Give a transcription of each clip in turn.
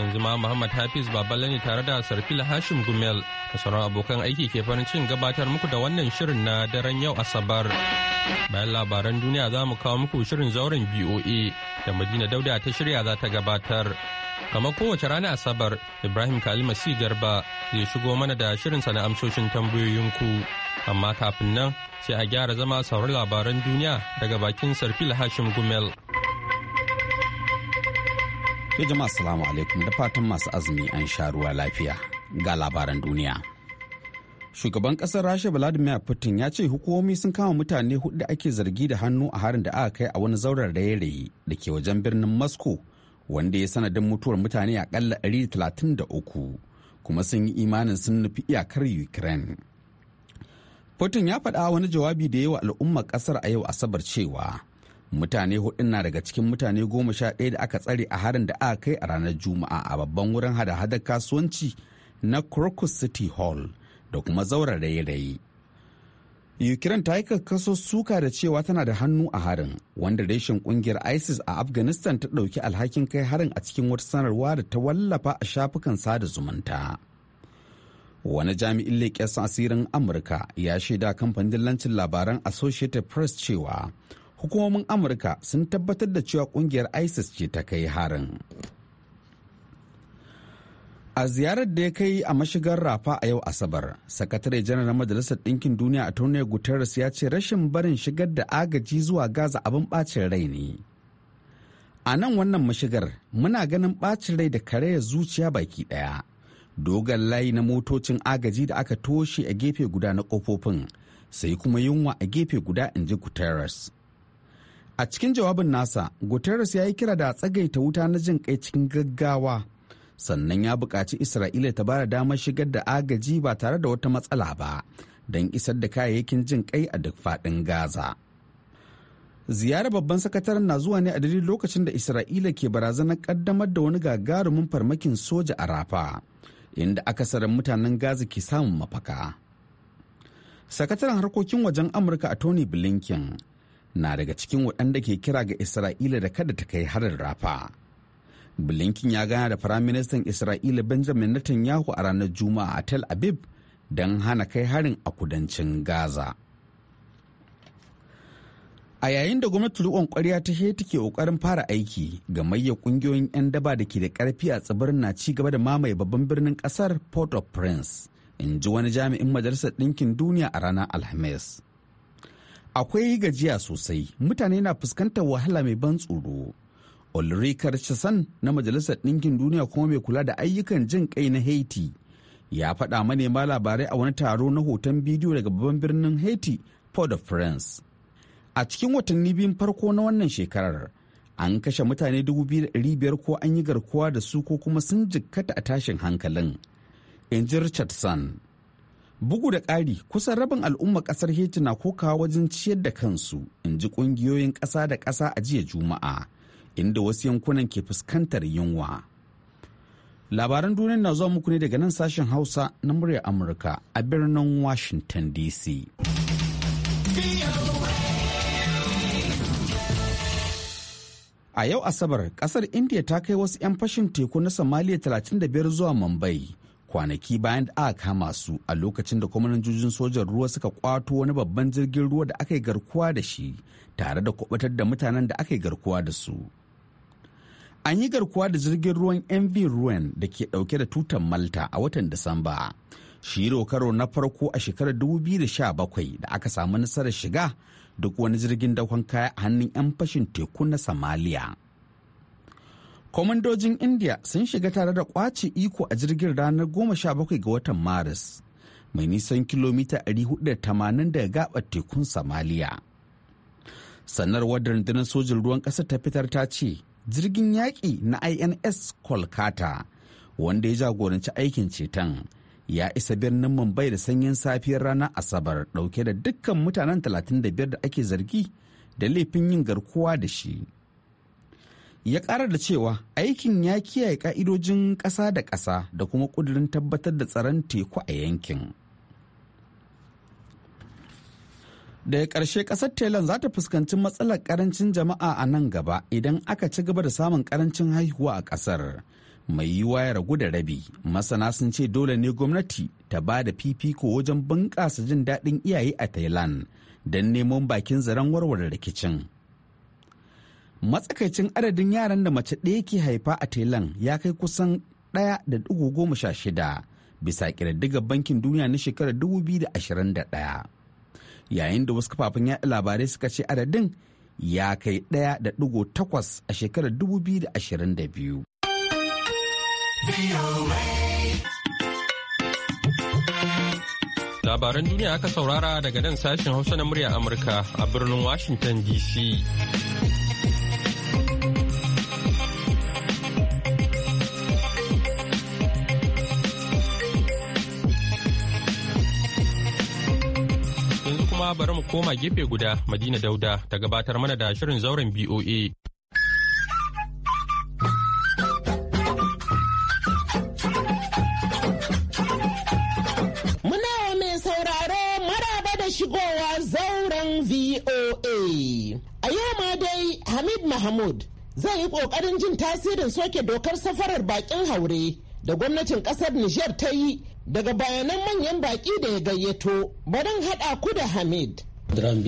yanzu ma Muhammad Hafiz Baballe ne tare da Sarfil Hashim Gumel da sauran abokan aiki ke farin cikin gabatar muku da wannan shirin na daren yau Asabar. Bayan labaran duniya za mu kawo muku shirin zauren BOA da Madina Dauda ta shirya za ta gabatar. Kamar kowace rana Asabar, Ibrahim Kalima si Garba zai shigo mana da shirin na amsoshin tambayoyinku. Amma kafin nan sai a gyara zama sauran labaran duniya daga bakin Sarfil Hashim Gumel. Ke jama'a salamu alaikum da fatan masu azumi an sha ruwa lafiya ga labaran duniya. Shugaban kasar Rasha Vladimir Putin ya ce hukumomi sun kama mutane hudu da ake zargi da hannu a harin da aka kai a wani zauren raye-raye da ke wajen birnin Moscow wanda ya sanadin mutuwar mutane akalla 133 kuma sun yi imanin sun nufi iyakar Ukraine. Putin ya faɗa wani jawabi da yawa al'ummar kasar a yau Asabar cewa mutane hudun na daga cikin mutane goma sha ɗaya da aka tsare a harin da aka kai a ranar juma'a a babban wurin hada-hadar kasuwanci na crocus city hall da kuma zaura raye-raye ukraine ta yi kakkaso suka da cewa tana da hannu a harin wanda reshen kungiyar isis a afghanistan ta ɗauki alhakin kai harin a cikin wata sanarwa da ta wallafa a shafukan sada zumunta wani jami'in leƙen asirin amurka ya shaida kamfanin lancin labaran associated press cewa hukumomin amurka sun tabbatar da cewa kungiyar isis ce ta kai harin a ziyarar da ya kai a mashigar rafa a yau asabar sakatare janar na majalisar ɗinkin duniya a tony guterres ya ce rashin barin shigar da agaji zuwa gaza abin bacin rai ne a nan wannan mashigar muna ganin bacin rai da karayar zuciya baki ɗaya dogon layi na motocin agaji da aka toshe a gefe guda na kofofin sai kuma yunwa a gefe guda in ji guterres A cikin jawabin nasa, Guterres ya yi kira da tsagaita wuta na jin kai cikin gaggawa, sannan ya buƙaci Isra'ila ta bada damar shigar da agaji ba tare da wata matsala ba, don isar da kayayyakin jin kai a duk faɗin Gaza. Ziyarar babban sakataren na zuwa ne a dalilin lokacin da Isra'ila ke barazanar kaddamar da wani gagarumin farmakin soja a Rafa, inda akasarin mutanen Gaza ke samun mafaka. Sakataren harkokin wajen Amurka a Tony Blinken na daga cikin waɗanda ke kira ga isra'ila da kada ta kai harin rafa blinken ya gana da firaministan isra'ila benjamin netanyahu a ranar juma'a a tel aviv don hana kai harin a kudancin gaza a yayin da gwamnati riƙon ƙwarya ta heti ke ƙoƙarin fara aiki Ga gamayyar ƙungiyoyin 'yan daba da ke da ƙarfi a tsibirin na ci gaba da mamaye babban birnin ƙasar port of prince in ji wani jami'in majalisar ɗinkin duniya a ranar alhamis akwai gajiya sosai mutane na fuskantar wahala mai ban tsoro ulrika richardson na majalisar ɗinkin duniya kuma mai kula da ayyukan jin kai na haiti ya faɗa manema labarai a wani taro na hoton bidiyo daga babban birnin haiti port of france a cikin watanni biyun farko na wannan shekarar an kashe mutane 2,500 ko an yi garkuwa da su ko kuma sun jikkata a tashin hankalin in ji richardson Bugu da ƙari kusan rabin al'umma ƙasar Haiti na kokawa wajen ciyar da kansu, in ji ƙungiyoyin ƙasa da ƙasa a jiya Juma'a, inda wasu yankunan ke fuskantar yunwa. Labaran duniya na zuwa muku ne daga nan sashen Hausa na muryar Amurka a birnin Washington DC. A yau Asabar, ƙasar India ta kai wasu 'yan fashin teku na Somalia 35 zuwa Mumbai. kwanaki bayan da aka kama su a lokacin da kwamanajojin sojan ruwa suka kwato wani babban jirgin ruwa da aka yi garkuwa da shi tare da kubutar da mutanen da aka yi garkuwa da su an yi garkuwa da jirgin ruwan mv ruwan da ke dauke da tutan malta a watan disamba shiro karo na farko a shekarar 2017 da aka samu nasarar shiga duk wani jirgin dakon kaya a hannun 'yan fashin teku na somalia Kwamandojin India sun shiga tare da kwace iko a jirgin ranar 17 ga watan Maris, mai nisan kilomita 480 daga gabar tekun Somalia. Sanarwar da rundunar sojin ruwan ƙasar ta fitar ta ce, jirgin yaƙi na INS Kolkata, wanda ya jagoranci aikin ceton, ya isa birnin Mumbai da sanyin safiyar rana Asabar dauke da dukkan mutanen 35 da ake zargi da laifin yin garkuwa da shi. ya ƙara da cewa aikin ya kiyaye ƙa'idojin ƙasa da ƙasa da kuma ƙudurin tabbatar da tsaron teku a yankin daga ƙarshe ƙasar thailand za ta fuskanci matsalar ƙarancin jama'a a nan gaba idan aka ci gaba da samun ƙarancin haihuwa a ƙasar mai yiwuwa ya ragu da rabi masana sun ce dole ne gwamnati ta ba da fifiko wajen bunƙasa jin daɗin iyaye a thailand don neman bakin zaren warware rikicin matsakaicin adadin yaran da mace ɗaya ke haifa a telan ya kai kusan ɗaya da ɗigo goma sha shida bisa ƙididdigar bankin duniya na shekarar 2021 yayin da wasu kafafen yaɗa labarai suka ce adadin ya kai ɗaya da ɗigo takwas a shekarar 2022 labaran duniya aka saurara daga nan sashen hausa na murya amurka a birnin washington dc bari mu koma gefe guda Madina Dauda ta gabatar mana da shirin zauren BOA. Muna mai sauraro maraba da shigowa zauren VOA. A yau ma dai Hamid Mahmud zai yi ƙoƙarin jin tasirin soke dokar safarar bakin haure da gwamnatin ƙasar Nijar ta yi daga bayanan manyan baƙi da ya gayyato barin haɗa ku da hamid Dram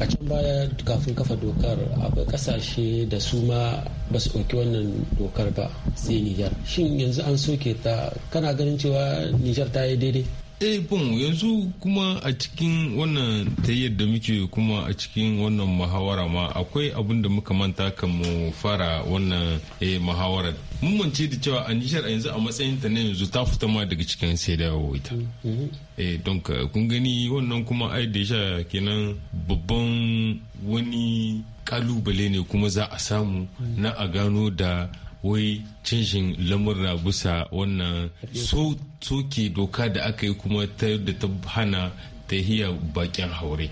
a can baya kafin kafa dokar akwai kasashe da su ma ba su ɗauki wannan dokar ba sai Nijar. Shin yanzu an soke ta kana ganin cewa Nijar ta yi daidai? eh bon yanzu kuma a cikin wannan tayyar da muke kuma a cikin wannan muhawara ma akwai abin da muka manta kan mu fara wannan eh muhawarar mun mance da cewa a nishar a yanzu a matsayin ta na yanzu ta fita ma daga cikin sai da yawo ita mm-hmm. eh, don kun gani wannan kuma ai da sha kenan babban wani kalubale ne kuma za a samu na a gano da wai canjin lamurra bisa wannan soke doka da aka yi kuma ta da ta hana ta hiya bakin haure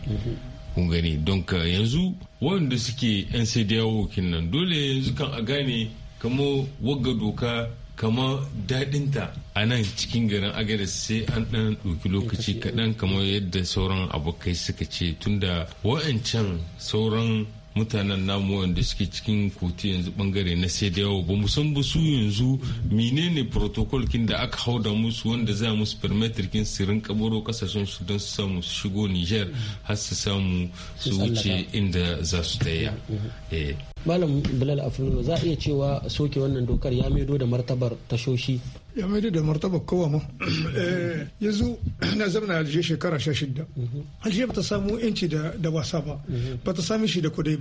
kun gani don ka yanzu wanda suke yan sai da yawo nan dole yanzu kan a gane kama wagga doka kama daɗinta a nan cikin garin agada sai an ɗan ɗauki lokaci kaɗan kama yadda sauran abokai suka ce tunda wa'ancan sauran mutanen namu wanda suke cikin kotu yanzu bangare na sai da yawo ba mu san ba su yanzu menene protocol kin da aka hau da musu wanda za musu permitir kin su rinka boro kasashen su don su samu su shigo Niger har su samu su wuce inda za su taya. Mm-hmm. Eh. Malam Bilal Afirma za a iya cewa soke wannan dokar ya maido da martabar tashoshi ya mai da martaba kowa ma eh, yanzu na zamana alje shekara sha shida alje bata samu yanci da wasa ba bata sami shi da kudai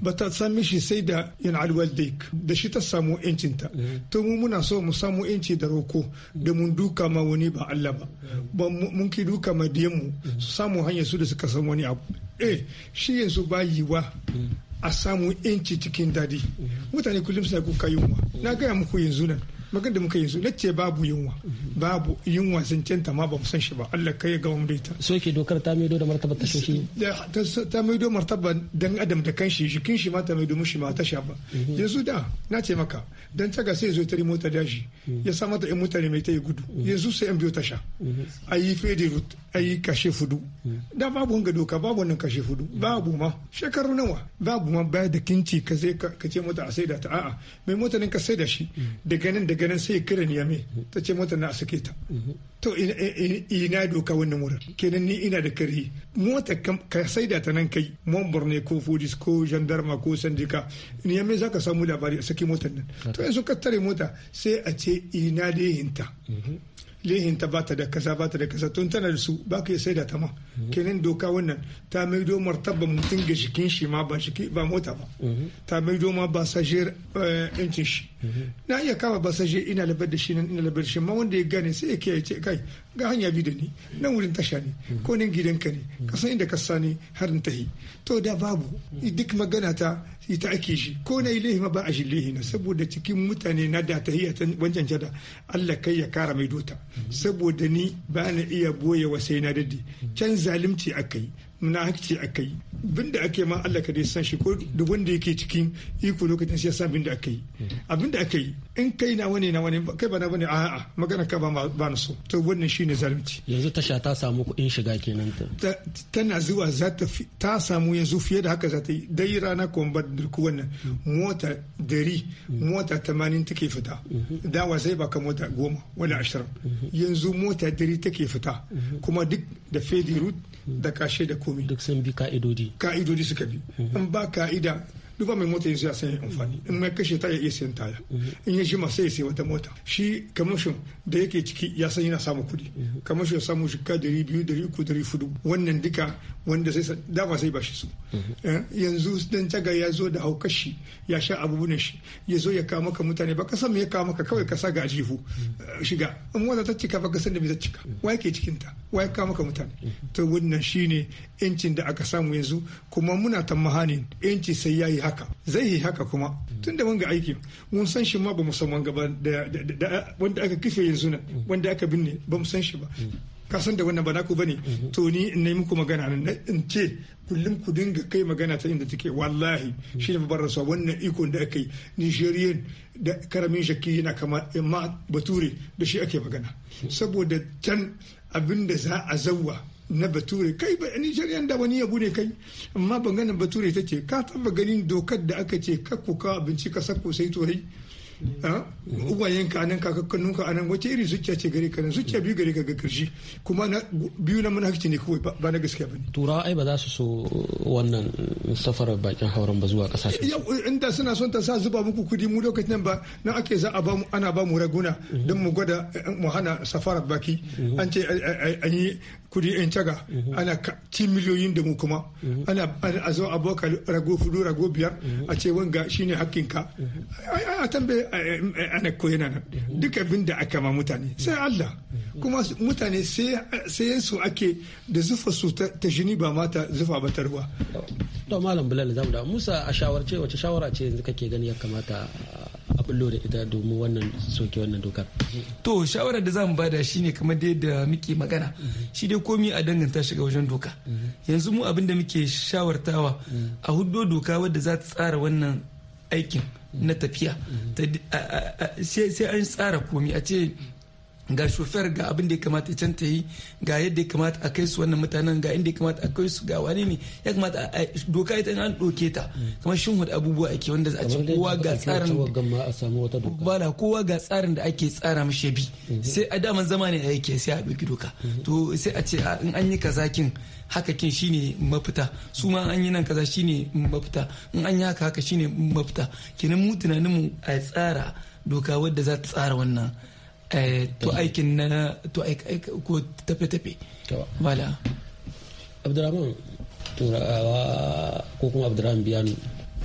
ba ta sami shi sai da yan alwaldaik da shi ta samu yancinta to mu muna so mu samu yanci da roko da mun duka ma wani ba Allah ba mun ki duka ma diyanmu su samu hanyar su da suka san wani abu eh shi yanzu ba wa a samu inci cikin daɗi mutane kullum suna kuka yunwa na gaya muku yanzu nan magan da muka yanzu nace babu yunwa babu yunwa canta ma ba mu san shi ba Allah kai ga mu daita so ke dokar ta maido da martaba ta shi ta maido martaba dan adam da kanshi shi kin shi ma ta maido mushi ma ta sha ba mhm. yanzu da na ce maka dan taga sai zo tare mota shi mhm. ya sa mata in mutane mai ta yi gudu mhm. yanzu sai an biyo ta sha ayi fede route ayi kashe fudu da babu hanga doka babu wannan kashe hudu babu ma shekaru nawa babu ma baya da kinci ka sai ka ce mota a saida ta a'a mai mota ka saida shi daga nan daga nan sai kiran ya mai ta ce mota na a sake ta to ina doka wannan wurin kenan ni ina da kari mota ka saida ta nan kai mombar ne ko fudis ko gendarma ko sandika ni ya mai za ka samu labari a saki motar nan to yanzu ka tare mota sai a ce ina da yinta lehinta ta ta da kasa bata da kasa tun tana da su ba ka sai da ta ma kenan doka wannan ta mai maido martaba mutum ga shi ma ba ba mota ba mhm. ta maido ma ba sajiyar eh, incin shi na iya kama basashe ina labar da shi nan ina labar da shi ma wanda ya gane sai ya ke ce kai ga hanya bi da ni nan wurin tasha ne ko nan ka ne ka san inda ka sani har ta yi to da babu duk magana ta ita ake shi ko na yi ma ba a shi na saboda cikin mutane na da ta ban wancan da Allah kai ya kara mai dota saboda ni ba na iya boye wasai na daddi can zalimci yi munafiki aka yi bin da aka yi ma Allah ka dai san shi ko da wanda yake cikin iko lokacin sai san bin da aka yi abin da aka yi in kai na wani na wani kai ba na wani a'a magana ka ba ba na so to wannan shine zalunci yanzu tasha ta samu kuɗin shiga kenan ta tana zuwa za ta ta samu yanzu fiye da haka za ta yi dai rana ko ba dirku wannan mota dari mota tamanin take fita dawa sai baka mota goma wani ashirin yanzu mota dari take fita kuma duk da fedi route da kashe da komi duk sun bi ka'idodi ka'idodi suka bi an mhm. ba ka'ida duk mai mota ya sayan amfani in mai kashe ta ya iya sayan taya in ya jima sai ya sayi wata mota shi kamashin da yake ciki ya san yana samun kuɗi kamashin ya samu shika dari biyu dari uku dari fudu wannan duka wanda sai dama sai ba shi su eh, yanzu dan taga ya zo da haukashi ya sha abubuwan shi ya zo ya kawo maka mutane ba ka san me ya kawo maka kawai ka sa ga ajihu eh, shiga in wata ta cika ba ka san da me ta cika wa yake cikin ta wa ya kawo maka mutane to wannan shine yancin da aka samu yanzu kuma muna mahanin yanci sai yayi haka zai yi haka kuma tun da wanga aiki mun san shi ma ba mu san wanga ba wanda aka kife yanzu nan wanda aka binne ba mu san shi ba ka san da wannan ba naku bane to ni in nayi muku magana nan in ce kullum ku dinga kai magana ta inda take wallahi shi ne babbar rasuwa wannan ikon da aka yi nigerian da karamin shakki yana kama ma bature da shi ake magana saboda can abin da za a zauwa na bature kai ba ni shari'an da wani yabo ne kai amma ganin bature ta ce ka taba ganin dokar da aka ce ka kuka abinci ka sako sai torai uwayen ka nan kakakkanun ka nan wace irin zuciya ce gare ka nan zuciya biyu gare ka ga karshe kuma na biyu na manhaji ne kawai ba na gaskiya bane turawa ai ba za su so wannan safarar bakin hauren ba zuwa kasashe inda suna son ta sa zuba muku kudi mu lokacin ba nan ake za a ba mu ana ba mu raguna don mu gwada eh, mu hana safarar baki mhm. an ce eh, eh, an yi kudi yan caga mhm. ana ci miliyoyin da mu kuma mhm. ana a zo aboka rago fudu rago biyar mhm. a ce wanga shine hakkinka a tambaye ana koyana nan duk abin da aka ma mutane sai Allah kuma mutane sai su ake da zufa su ta jini ba mata zufa ba ta ruwa to malam bilal zamu da Musa a shawarce wace shawara ce yanzu kake gani ya kamata bullo da ita domin wannan soke wannan dokar to shawarar da zamu bada shine kamar da yadda muke magana shi dai komi a danganta shiga wajen doka yanzu mu abin da muke shawartawa a huddo doka wadda za ta tsara wannan aikin na tafiya sai an tsara komi a ce ga shofar ga abin da ya kamata can ta yi ga yadda ya kamata a kai su wannan mutanen ga inda ya kamata a kai su ga wani ne ya kamata a doka ita an doke ta kamar shin hudu abubuwa ake wanda a ce kowa ga tsarin bala kowa ga tsarin da ake tsara mishi bi mhm. sai a daman zama ne a yake sai a doki doka mhm. to sai a ce in an yi kazakin haka kin shine mafita su ma an yi nan kaza shine mafita in an yi haka haka shine mafita kenan mu tunanin mu a tsara doka wadda za ta tsara wannan Eh, to aikin na to ko tafe-tafe wala abdurrahman turawa ko kuma abdurrahman biyan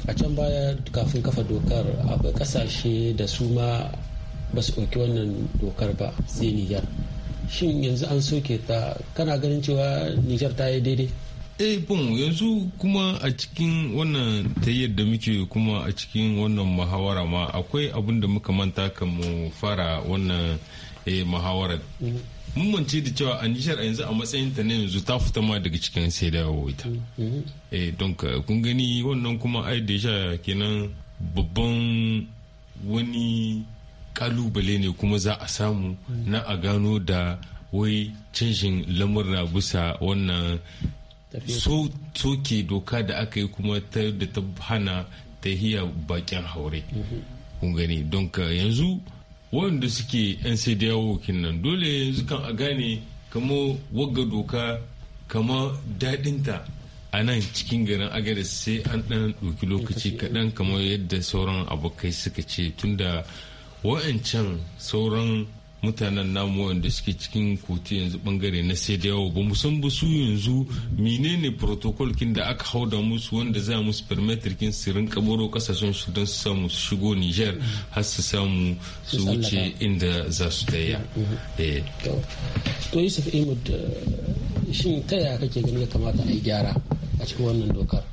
a can baya kafin kafa dokar a kasashe da su ma ba su ɗauki wannan dokar ba sai nijar shin yanzu an soke ta kana ganin cewa nijar ta yi daidai eh bon yanzu kuma a cikin wannan tayyar da muke kuma a cikin wannan muhawara ma akwai abin da muka manta kan mu fara wannan eh mm-hmm. mun mance da cewa a nishar a yanzu a matsayin ta na yanzu ta fita ma daga cikin sai da ita mm-hmm. eh don kun gani wannan kuma ai da sha kenan babban wani kalubale ne kuma za a samu mm-hmm. na a gano da wai canjin lamurra bisa wannan soke doka da aka yi kuma ta da ta hana hiya bakin haure mhm. kun gani don ka yanzu wanda suke yan sai da yawo nan dole yanzu kan a gane kama wagga doka kama daɗinta a nan cikin garin agada sai an dan ɗauki lokaci kaɗan kamar yadda sauran abokai suka ce tunda wa'ancan sauran mutanen namu wanda suke cikin kotu yanzu bangare na sai da yawa ba mu san ba su yanzu menene protocol kin da aka hau da musu wanda za musu permitir kin su rinka boro kasashen su don su samu su shigo Niger har su samu su wuce inda za su taya. Mhm. Eh. To Yusuf Imud eh, shin ta yaya kake gani ya kamata a yi gyara a cikin wannan dokar?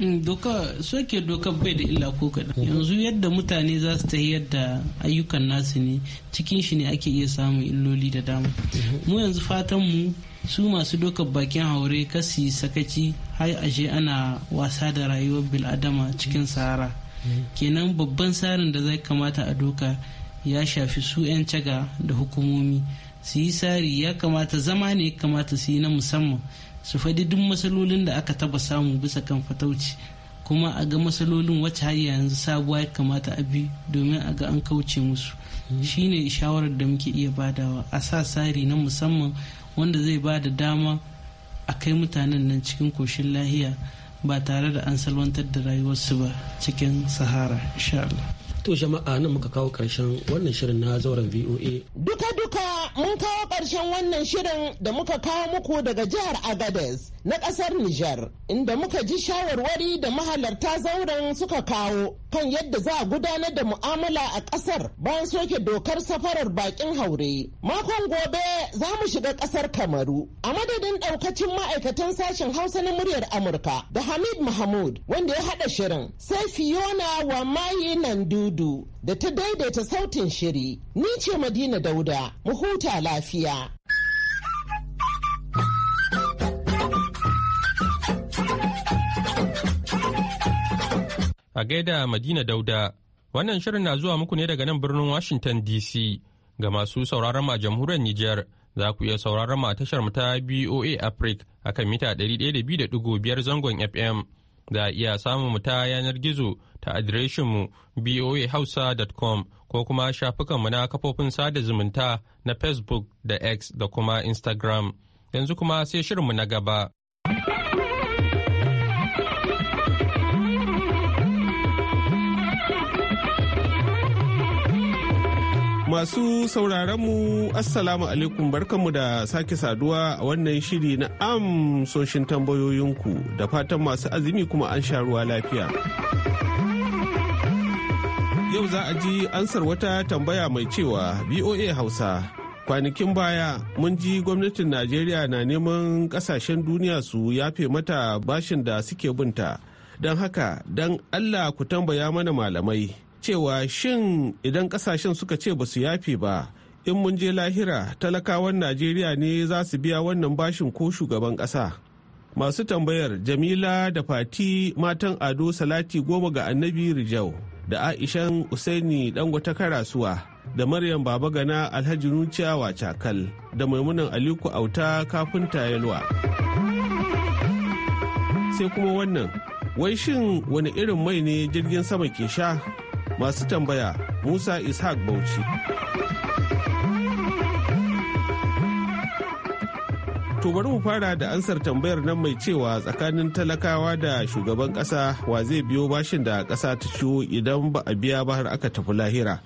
Mm, doka soke doka bai da illa ko kaɗan mhm. yanzu yadda mutane za su ta yadda ayyukan nasu ne cikin shi ne ake iya samun illoli da dama mhm. mu yanzu fatan mu su masu dokar bakin haure kasi sakaci har ashe ana wasa da rayuwar biladama cikin sahara mhm. kenan babban tsarin da zai kamata a doka ya shafi su 'yan caga da hukumomi su yi tsari ya kamata zama ne kamata su yi na musamman su faɗi duk matsalolin da aka taba samu bisa kan fatauci kuma a ga matsalolin wacce har yanzu sabuwa ya kamata a bi domin a ga an kauce musu mm. shine shawarar da muke iya badawa a sa tsari na musamman wanda zai ba da dama a kai mutanen nan cikin koshin lahiya ba tare da an salwantar da rayuwarsu ba cikin sahara to jama'a nan muka kawo karshen wannan shirin na zauren voa duka duka mun kawo karshen wannan shirin da muka kawo muku daga jihar agadez na ƙasar nijar inda muka ji shawarwari da mahalarta zauren suka kawo kan yadda za a gudanar da mu'amala a ƙasar bayan soke dokar safarar bakin haure makon gobe za mu shiga ƙasar kamaru a madadin ɗaukacin ma'aikatan sashen hausa na muryar amurka da hamid mahmud wanda ya haɗa shirin sai fiona wa mayi nan Kudu da ta daidaita sautin shiri. Ni ce Madina Dauda, mu huta lafiya. A gaida Madina Dauda, wannan shirin na zuwa muku ne daga nan birnin Washington DC ga masu sauraron a jamhuriyar Nijar. Za ku iya sauraron ma tashar mu ta BOA Africa akan mita 102.5 zangon FM. Za a iya samun mu ta yanar gizo ta adireshinmu boahausa.com ko kuma shafukanmu na kafofin sada zumunta na Facebook da X da kuma Instagram. Yanzu kuma sai shirinmu na gaba. Masu sauraronmu Assalamu alaikum barkanmu da sake saduwa a wannan shiri na amsoshin tambayoyinku da fatan masu azumi kuma an sha ruwa lafiya. yau za a ji ansar wata tambaya mai cewa BOA Hausa. Kwanakin baya mun ji gwamnatin Najeriya na neman kasashen duniya su yafe mata bashin da suke binta. Don haka, don Allah ku tambaya mana malamai cewa shin idan kasashen suka ce ba su yafe ba, in mun je lahira talakawan Najeriya ne za su biya wannan bashin ko shugaban kasa Masu tambayar Jamila da Fati matan Ado Salati goma ga Annabi Rijau. da aishan usaini gwata karasuwa da maryam Baba Gana alhaji nuciya Cakal da maimunan aliku auta kafinta yalwa sai kuma wannan wai shin wani irin mai ne jirgin sama ke sha masu tambaya musa ishaq bauchi To bari mu fara da ansar tambayar nan mai cewa tsakanin talakawa da shugaban kasa wa zai biyo bashin da kasa ta ciwo idan ba a biya ba har aka tafi lahira.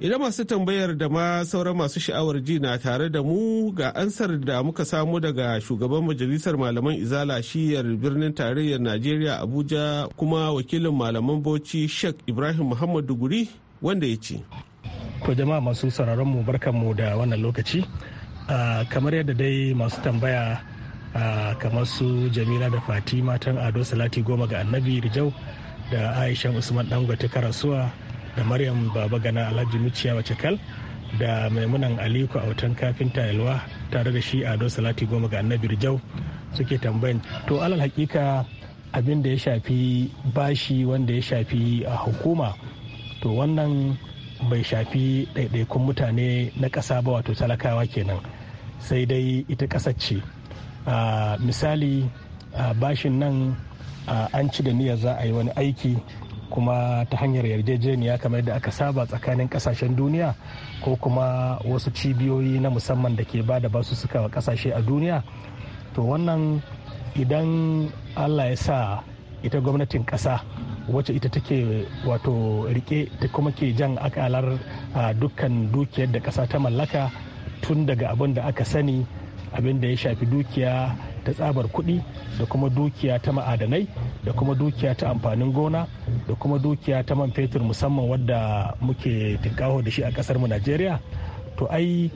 Idan masu tambayar da ma sauran masu sha'awar ji na tare da mu ga ansar da muka samu daga shugaban majalisar malaman izala shiyar birnin tarayyar Najeriya Abuja kuma wakilin malaman Bauchi Sheikh Ibrahim Muhammad Duguri wanda ya ce. To jama'a masu sararin mu barkanmu da wannan lokaci. Ah, kamar yadda dai masu tambaya ah, kamar su jamila da fatima tan ado salati goma ga annabi rijau da aisha usman dangote karasuwa da maryam baba gana alhaji muciya wace kal da maimunan aliko autan kafin Yalwa tare da shi ado salati goma ga annabi rijau suke tambayan to alal hakika abin da ya shafi bashi wanda ya shafi a ah, hukuma to wannan bai shafi ɗaiɗaikun mutane na ƙasa ba wato talakawa kenan sai dai ita ƙasar ce misali bashin nan an ci da niyyar za a yi wani aiki kuma ta hanyar yarjejeniya kamar yadda aka saba tsakanin kasashen duniya ko kuma wasu cibiyoyi na musamman da ke ba da basu suka wa kasashe a duniya to wannan idan allah ya sa ita gwamnatin kasa wacce ita take wato rike ta kuma ke jan akalar dukkan dukiyar da kasa ta mallaka tun daga abin da aka sani abin da ya shafi dukiya ta tsabar kuɗi da kuma dukiya ta ma'adanai da kuma dukiya ta amfanin gona da kuma dukiya ta man fetur musamman wadda muke tinkaho da shi a ƙasar mu najeriya to ai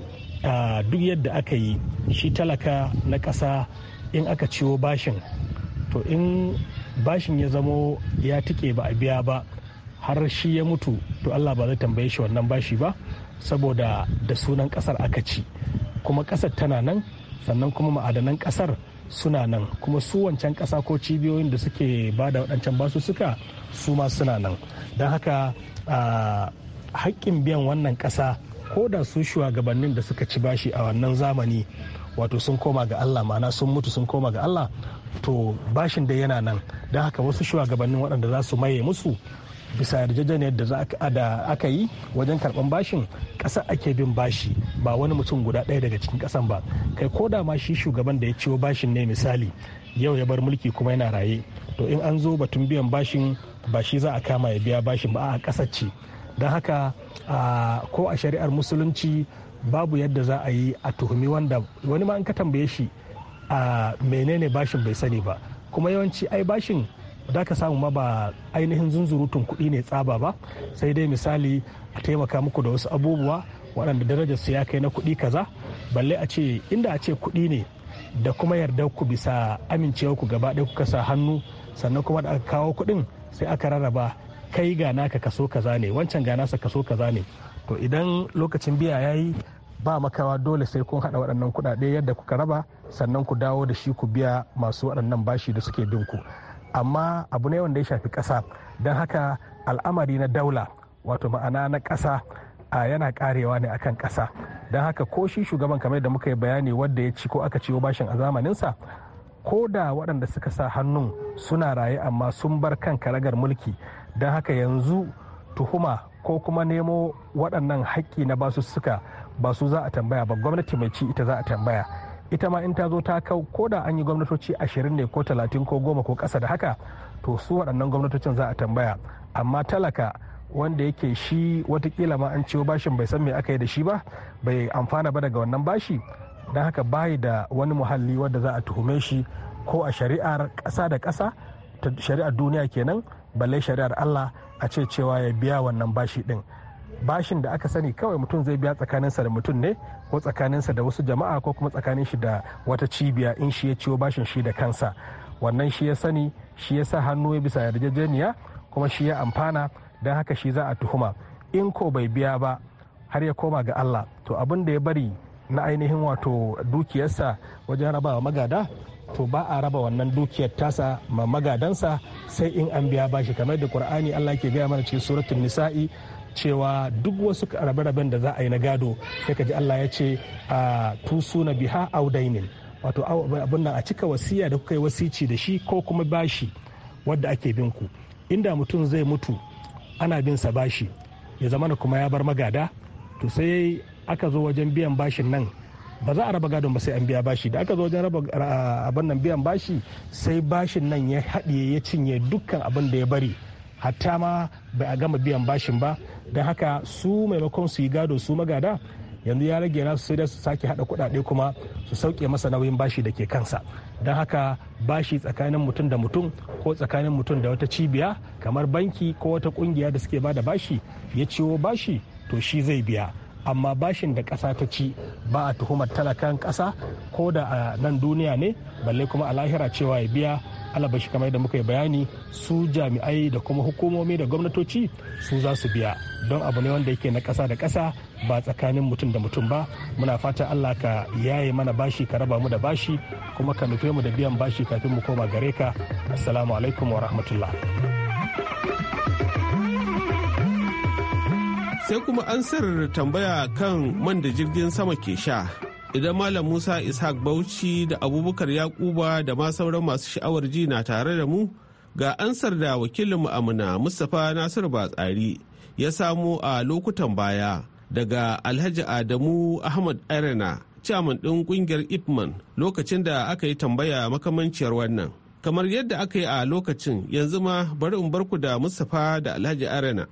duk yadda aka yi shi talaka na ƙasa in aka ciwo bashin to in bashin ya zamo ya tike ba a biya ba har shi ya mutu to allah ba zai tambaye shi wannan bashi ba saboda da sunan kasar aka ci kuma kasar tana nan sannan kuma ma'adanan kasar suna nan kuma su wancan kasa ko cibiyoyin da suke ba da waɗancan suka su ma suna nan don haka haƙƙin biyan wannan ƙasa ko da su shugabannin da suka ci bashi a wannan zamani wato sun koma ga Allah ma'ana sun mutu sun koma ga Allah to bashin da yana nan don haka wasu shugabannin waɗanda za su maye musu bisa yarjejeniyar da aka yi wajen karban bashin ƙasa ake bin bashi ba wani mutum guda ɗaya daga cikin ƙasan ba kai ko da ma shi shugaban da ya ciwo bashin ne misali yau ya bar mulki kuma yana raye to in an zo batun biyan bashin ba shi za a kama ya biya bashin ba a ƙasar ce don haka ko a shari'ar musulunci babu yadda za a yi a tuhumi wanda wani ma an ka tambaye shi a menene bashin bai sani ba kuma yawanci ai bashin da ka samu ma ba ainihin zunzurutun kuɗi ne tsaba ba sai dai misali a taimaka muku da wasu abubuwa waɗanda darajar su ya kai na kuɗi kaza balle a ce inda a ce kuɗi ne da kuma yardar ku bisa amincewa ku gaba ɗaya kuka sa hannu sannan kuma da aka kawo kuɗin sai aka rarraba kai ga naka kaso kaza ne wancan ga nasa kaso kaza ne to idan lokacin biya yayi ba makawa dole sai kun haɗa waɗannan kuɗaɗe yadda kuka raba sannan ku dawo da shi ku biya masu waɗannan bashi da suke bin ku amma abu ne wanda ya shafi ƙasa don haka al'amari na daula wato ma'ana na ƙasa a yana karewa ne akan ƙasa don haka ko shi shugaban kamar da muka yi bayani wadda ya ci ko aka ciwo bashin a zamaninsa ko da waɗanda suka sa hannun suna raye amma sun bar kan karagar mulki don haka yanzu tuhuma ko kuma nemo waɗannan haƙƙi na basussuka ba su za a tambaya ba gwamnati mai ci ita za a tambaya ita ma in ta zo ta kau ko da an yi gwamnatoci ashirin ne ko talatin ko goma ko ƙasa da haka to su waɗannan gwamnatocin za a tambaya amma talaka wanda yake shi watakila ma an ciwo bashin bai san me aka yi da shi ba bai amfana ba daga wannan bashi don haka bayi da wani muhalli wanda za a tuhume shi ko a shari'ar ƙasa da ƙasa ta shari'ar duniya kenan balle shari'ar allah a ce cewa ya biya wannan bashi din bashin da aka sani kawai mutum zai biya tsakaninsa da mutum ne ko tsakaninsa da wasu jama'a ko kuma tsakanin shi da wata cibiya in shi ya ciwo bashin shi da kansa wannan shi ya sani shi ya sa hannu ya bisa yarjejeniya kuma shi ya amfana don haka shi za a tuhuma in ko bai biya ba har ya koma ga Allah to abin da ya bari na ainihin wato dukiyarsa wajen rabawa magada to ba a raba wannan dukiyar tasa ma magadansa sai in an biya bashi kamar da Qur'ani Allah ke gaya mana cikin suratul nisa'i cewa duk wasu rabe-raben da za a yi na gado sai ka ji Allah ya ce tusu na biha audainin wato abin a cika wasiya da kuka yi wasici da shi ko kuma bashi wadda ake bin ku inda mutum zai mutu ana bin sa bashi ya zama na kuma ya bar magada to sai aka zo wajen biyan bashin nan ba za a raba gadon ba sai an biya bashi da aka zo wajen raba abin biyan bashi sai bashin nan ya haɗiye ya cinye dukkan abin da ya bari hatta ma bai a gama biyan bashin ba don haka su maimakon su yi gado su magada yanzu ya rage nasu sai dai su sake hada kudade kuma su sauke masa nauyin bashi da ke kansa don haka bashi tsakanin mutum da mutum ko tsakanin mutum da wata cibiya kamar banki ko wata kungiya da suke bada bashi ya ciwo bashi to shi zai biya amma bashin da ƙasa ta ci ba a tuhumar talakan kasa ko da a nan duniya ne balle kuma a lahira cewa ya biya alabashi kamar yadda muka yi bayani su jami'ai da kuma hukumomi da gwamnatoci su za su biya don abu ne wanda yake na ƙasa da kasa ba tsakanin mutum da mutum ba muna fata allah ka yaye mana bashi ka raba mu da bashi kuma ka nufe mu da biyan bashi kafin mu koma gare ka assalamu alaikum wa rahmatullah sai kuma an sirri tambaya kan man da jirgin sama ke sha idan Malam Musa Ishaq Bauchi da Abubakar Yakuba da ma sauran masu sha'awar ji na tare da mu ga ansar da wakilinmu Amina Mustapha Nasiru Batsari ya samo a lokutan baya daga Alhaji Adamu Ahmad Arena chairman ɗin ƙungiyar Ipman lokacin da aka yi tambaya makamanciyar wannan. Kamar yadda aka yi a lokacin yanzu ma bari in barku da Mustapha da Alhaji Arena.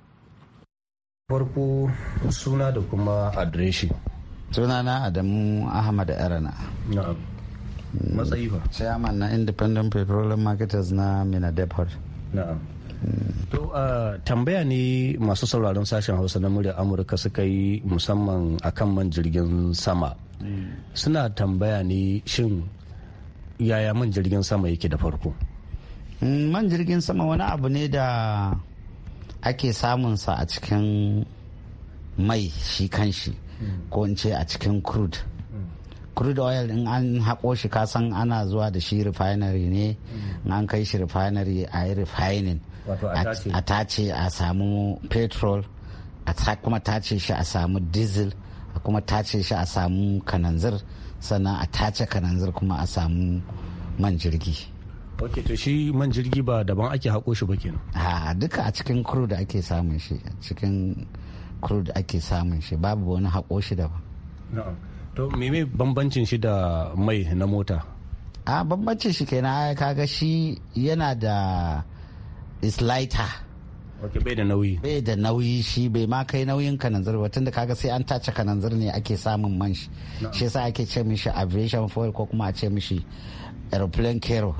Farko suna da kuma adireshi. sunana adamu ahmad arana matsayi chairman na independent petroleum marketers na mina depot To tambaya ne masu sauraron sashen Hausa na murya Amurka suka yi musamman akan man jirgin sama. Suna tambaya ne shin yaya man jirgin sama yake da farko? Mm, man jirgin sama wani abu ne da ake samunsa a cikin mai shi kan shi. ko in ce a cikin crude crude oil in an haƙo shi kasan ana zuwa da shi refinery ne in an kai shi refinery a yi refining a tace a samu petrol a kuma tace shi a samu diesel a kuma tace shi a samu kananzir sannan a tace kananzir kuma a samu man jirgi ok to shi man jirgi ba daban ake haƙo shi ba kenan a duka a cikin crude ake samun shi cikin da ake samun shi babu wani haƙo shi daban to meme bambancin shi da mai na mota a bambancin shi kenan kaga shi yana da is lighter okay, bai da nauyi bai da nauyi shi bai ma kai nauyin kananzir ba tunda kaga sai an tace kananzir ne ake samun man shi shi yasa ake ce mishi aviation fuel ko kuma a ce mishi aeroplane kero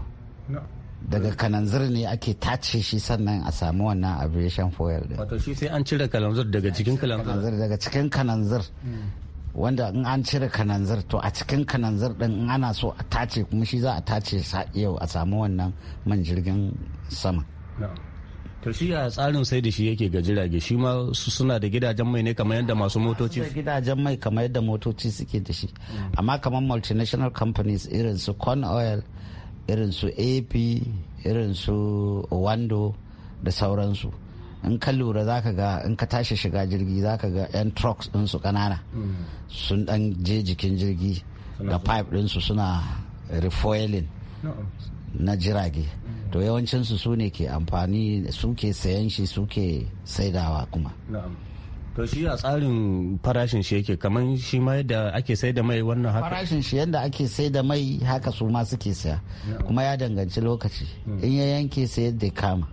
daga kananzir ne ake tace shi sannan a samu wannan aviation foil din wato shi sai an cire kananzir daga cikin kananzir daga cikin kananzir wanda in an cire kananzir to a cikin kananzir din in ana so a tace kuma shi za a tace yau a samu wannan man jirgin sama to shi a tsarin sai da shi yake ga jirage shi ma suna da gidajen mai ne kamar yadda masu motoci da gidajen mai kamar yadda motoci suke da shi mm. amma kamar multinational companies irin su corn oil irin su ap irin su wando da sauransu in ka lura za ka ga in ka tashi shiga jirgi za ka ga 'yan trucks su ƙanana sun ɗan je jikin jirgi da pipe su suna refoiling na jirage to yawancinsu su ne ke amfani su ke sayan shi su ke saidawa kuma to shi a tsarin farashin shi yake kamar shi ma yadda ake sai da mai wannan haka farashin shi yadda ake sai da mai haka su ma suke saya kuma ya danganci lokaci hmm. in ya yanke sai yadda kama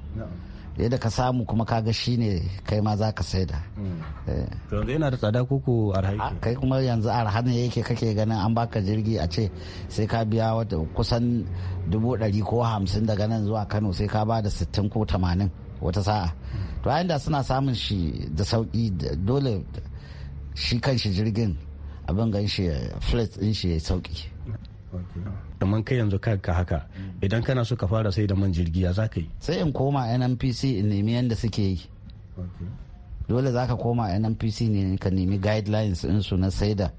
yadda ka samu kuma kaga shi ne kai ma za ka saida. Hmm. Eh. yanzu yana da tsada koko arha kai kuma yanzu arha ne yake kake ganin an baka jirgi a ce sai ka biya wata kusan dubu ɗari ko hamsin daga nan zuwa kano sai ka ba da sittin ko tamanin wata sa'a hmm. to a inda suna samun shi da sauki dole shi kan shi jirgin abin gan shi flat din shi ya sauki kamar kai yanzu ka haka idan kana so ka fara sai da man jirgi ya za ka yi sai in koma nnpc in nemi yadda suke yi dole za ka koma nnpc ne ka nemi guidelines su na saida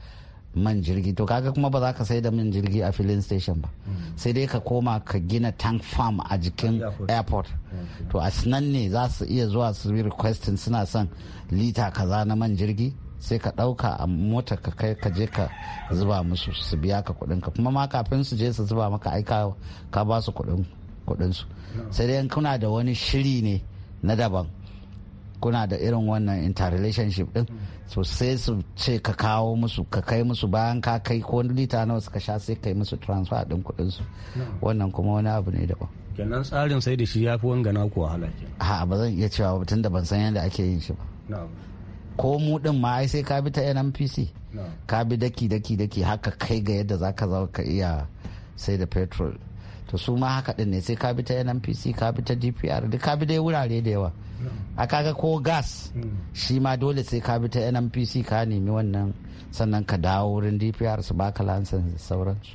man jirgi to kaga kuma ba za ka sai da man jirgi a filin station ba sai dai ka koma ka gina tank farm a jikin airport to a sinan ne za su iya zuwa su requesting suna son lita kaza na man jirgi sai ka ɗauka a mota ka kai ka je ka zuba musu su biya ka kuɗin ka kuma ma kafin su je su zuba maka aika ka ba su kuɗin su sai dai kuna da wani shiri ne na daban kuna da irin wannan interrelationship din so sai su ce ka kawo musu ka kai musu bayan ka kai ko lita nawa suka sha sai kai musu transfer din kuɗin su wannan kuma wani abu ne daban kenan tsarin sai da shi ya fi wangana na wahala a ba zan iya cewa ba tunda ban san yadda ake yin shi ba ko mu din ma ai sai ka bi ta NNPC ka bi daki daki daki haka kai ga yadda zaka zaka iya sai da petrol to su ma haka din ne sai ka bi ta nnpc ka bi ta dpr duk ka bi dai wurare da yawa a kaga ko gas shi ma dole sai ka bi ta nnpc ka nemi wannan sannan ka dawo wurin dpr su baka lansan sauransu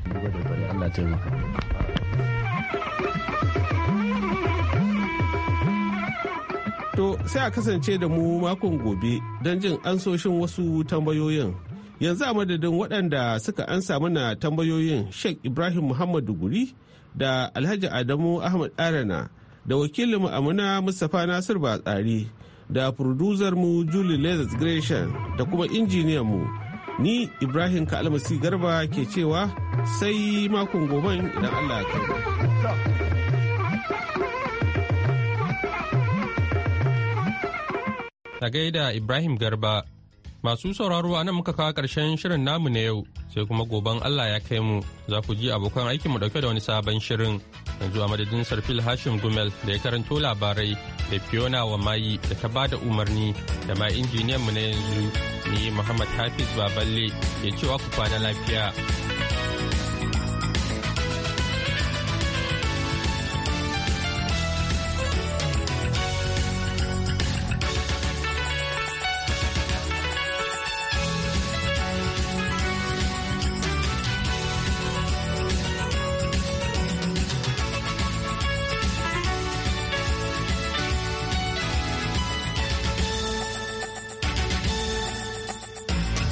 To sai a kasance da mu makon gobe don jin ansoshin wasu tambayoyin. Yanzu a madadin waɗanda suka ansa mana tambayoyin Sheikh Ibrahim Muhammadu Guri da alhaji adamu ahmad arana da wakilinmu amina mustapha nasir batsari da mu julie lezard gresham da kuma injiniyan mu ni ibrahim kalmasi garba ke cewa sai makon gobe idan allah ya Ta gaida Ibrahim Garba Masu sauraro a nan muka kawo ƙarshen shirin namu na yau sai kuma goben Allah ya kai mu za ku ji abokan aikin mu dauke da wani sabon shirin yanzu a madadin Sarfil Hashim Gumel da ya karanto labarai da Fiona wa mayi da ta bada umarni da ma injiniyan mu na yanzu ni Muhammad Hafiz Baballe ke cewa ku kwana lafiya.